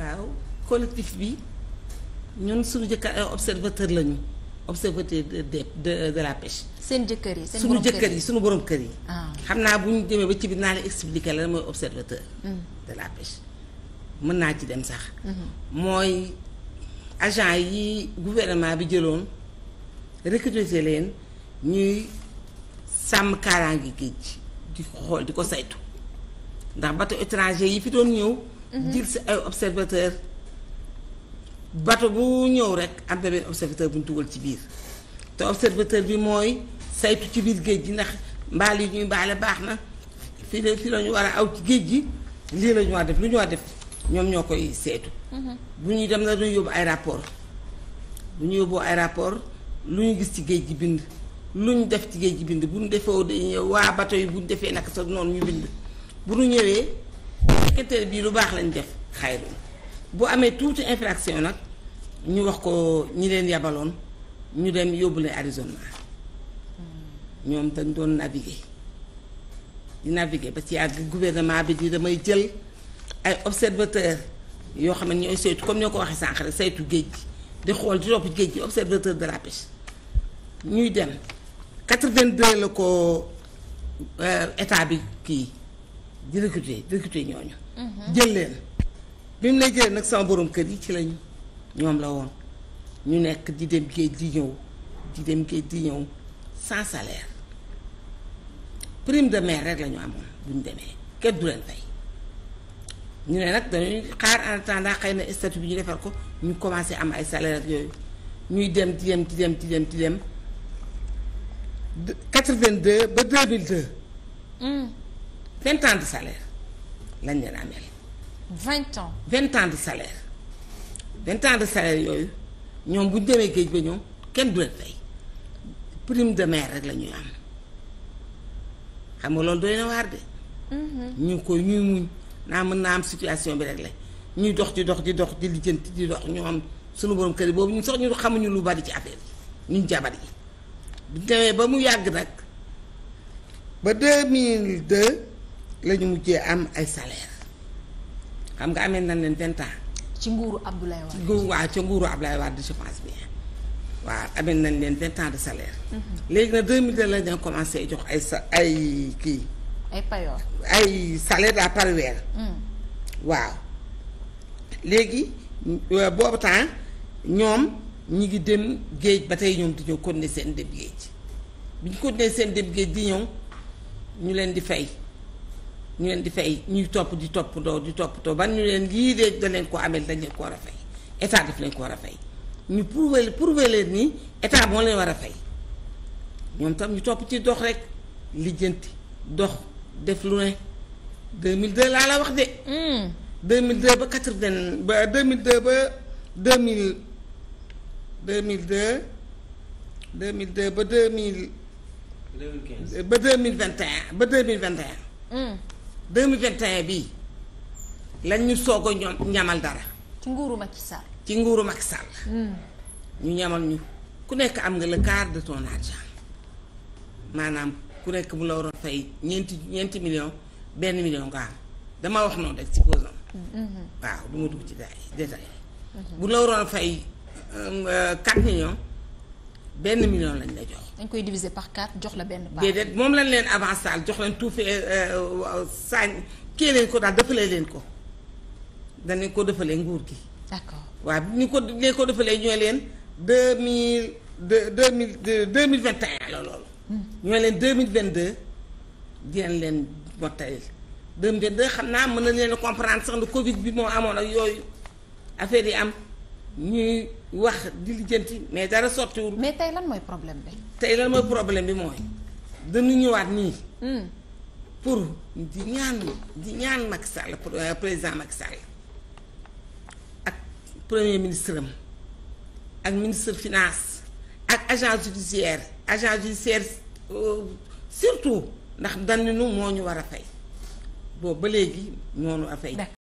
waaw collectif bi ñun suñu jëkkër ay euh, observateur lañu observateur de de de la pêche. seen jëkkër yi seen borom yi suñu jëkkër yi suñu borom kër yi. Ah. xam naa bu ñu demee ba ci biir naa la expliquer la mooy observateur. Mm. de la pêche mën naa ci dem sax. Mm-hmm. mooy agent yi gouvernement bi jëloon recruter leen ñuy sàmm kaaraange géej gi di xool di ko saytu ndax bateau étranger yi fi doon ñëw. Mm-hmm. jël si ay observateur bato bu ñëw rek am na benn observateur bu ñu dugal ci biir te observateur bi mooy saytu ci biir géej gi ndax mbaal yi ñuy mbaale baax na fi la fi la ñu war a aw ci géej gi lii la ñu def lu ñu def ñoom ñoo koy saytu. Mm-hmm. bu ñuy dem na dañuy yóbbu ay rapport bu ñu yóbboo ay rapport lu ñu gis ci géej gi bind lu def ci géej gi bind bu ñu defoo waa bato yi bu ñu defee nag sax noonu ñu bind bu ñu ñëwee. enquêteur bii lu baax lañ def xayru bu amee tuuti infraction nag ñu wax ko ñi leen yabaloon ñu dem yóbbu leen ñoom dañ doon naviguer di naviguer ba ci yàgg gouvernement bi di damay jël ay observateur yoo xam ne ñooy saytu comme ñoo ko waxee sànq rek géej gi di xool di topp géej gi observateur de la pêche ñuy dem 82 la ko euh, état bi kii di recruter recruter ñooñu. jël leen bi mu lay jëlee nag sama boroom kër yi ci lañ ñoom la woon ñu nekk di dem géej di ñëw di dem géej di ñëw sans salaire prime de mer rek la amoon bu ñu demee kenn du leen fay ñu ne nag dañuy xaar en attendant xëy na statut bi ñu defar ko ñu commencé am ay salaire ak yooyu ñuy dem di dem di dem di dem di dem 82 ba 2002. vingt ans de lañ leen ameel. vingt ans vingt ans de salaire vingt ans de salaire yooyu ñoom bu ñu demee géej ba ñoom kenn du leen fay prime de mer rek lañuy am xam nga loolu doy na waar de. Mhm. ñu koy ñuy muñ naa mën naa am situation bi rek la ñuy dox di dox di dox di lijjanti di dox ñu am sunu borom kër boobu ñu sox ñu xamuñu lu bari ci affaire yi ñun jabar yi. bu demee ba mu yàgg nag ba deux mille deux. la ñu mujjee am ay salaire xam nga amee nañ leen vingt ci nguuru Abdoulaye Wade. waaw ci nguuru Abdoulaye Wade je pense bien waaw amee nañ leen vingt ans de mhm. léegi nag deux mille deux la ñu commencé jox ay sa ay kii. ay payoor ay salaire mhm. waaw léegi euh, boobu temps ñoom ñi ngi dem géej ba tey ñoom di ñëw continuer seen dem géej bi ñu continuer seen dem géej di ñëw ñu leen di fay. ñu leen di fay ñu topp di toppandoo di toppatoo ban ñu leen lii de da leen ko amel dañ leen ko war a fay état daf leen ko war a fay ñu prouver prouver leen ni état moo leen war a fay ñoom tam ñu topp ci dox rek lijjanti dox def lu ne 2002 laa la wax de. 2002 hmm. ba 80 ba 2002 ba 2000 2002 2002 ba 2000. 2015 ba 2021 ba 2021. deux mille vingt et un bii lañ ñu soog a ñoom ñamal dara. ci nguuru Macky Sall. ci nguuru Macky Sall. Hmm. ñu ñamal ñu ku nekk am nga le quart de ton argent maanaam ku nekk bu la waroon fay ñeenti ñeenti million benn million nga am dama wax noonu rek supposons. Hmm. Hmm. waaw du ma dugg ci détail détail bu la waroon fay euh, quatre millions. benn million lañ la jox. dañ koy diviser par quatre jox la benn part. moom lañ leen avancé jox leen tuufe euh, euh, saañ kii leen ko daal defalee leen ko danañ ko defalee nguur gi. d'accord waaw ni ko ni ko defalee ñoo leen deux mille deux deux mille deux mille vingt et un la hmm. leen deux mille vingt deux dinañ leen mottali. deux mille vingt deux xam naa mën na leen comprendre sax ne Covid bi moo amoon ak yooyu affaire yi am. ñuy wax di lijjanti mais dara sottiwul. mais tey lan mooy problème bi. tey lan mooy problème bi mooy dañu ñëwaat nii. Hmm. pour di ñaan di ñaan max Sall euh, président Macky Sall ak premier ministre am ak ministre finance ak agent judiciaire agent judiciaire euh, surtout ndax dañu moo ñu war a fay boobu ba léegi ñoo ñu war a fay.